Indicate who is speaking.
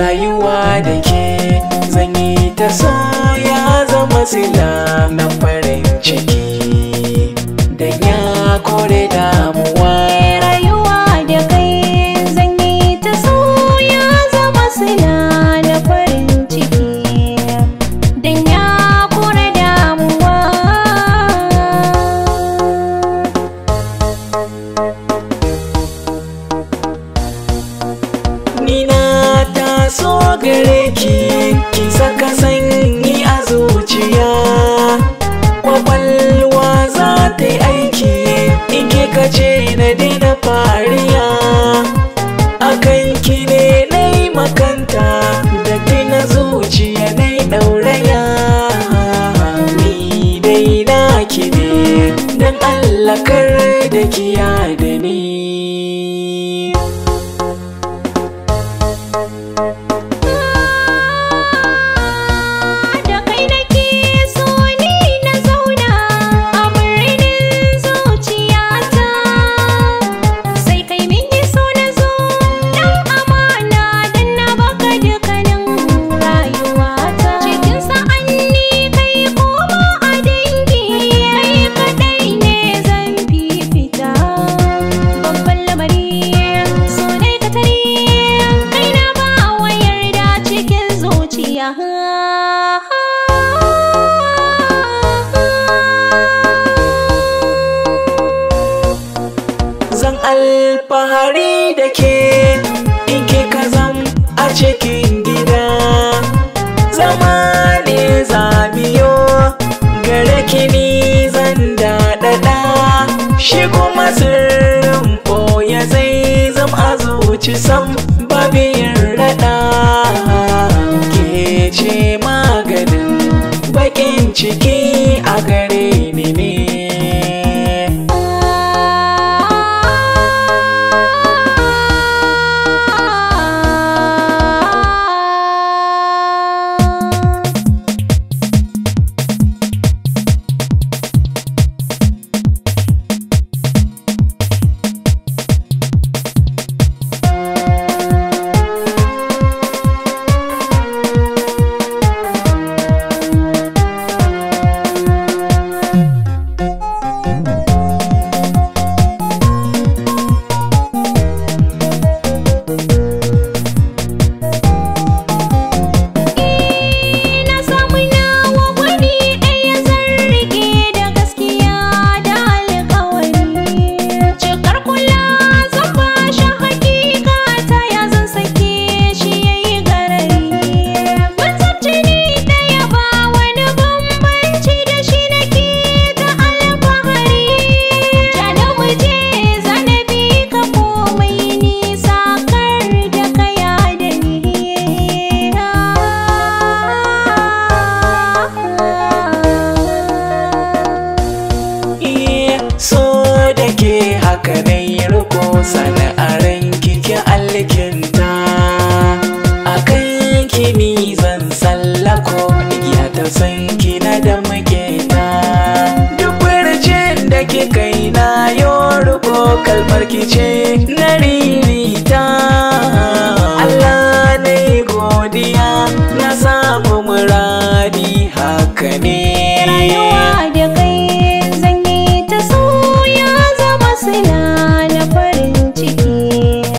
Speaker 1: rayuwa da ke zan yi ta so ya zama sila na farin ciki da ya kore da gare ki ki saka sanyi a zuciya kwakwalwa za ta yi aiki ike kace na daina fariya akan ki ne na yi makanta da na zuciya na yi ɗauraya ni dai na ki ne don allakar da kiya da ni alfahari da ke in ke zam a cikin gida zama ne zamiyo gare kini zan daɗaɗa shi kuma sirrin ya zai zam a zuci sam babin raɗa ke ce maganin baƙin ciki a gare so sana'arin ki alkinta a kan kimi zan sallako igiya ta san kina da maketa duk warjin da kika yi na yoro ko kalmar kice na rina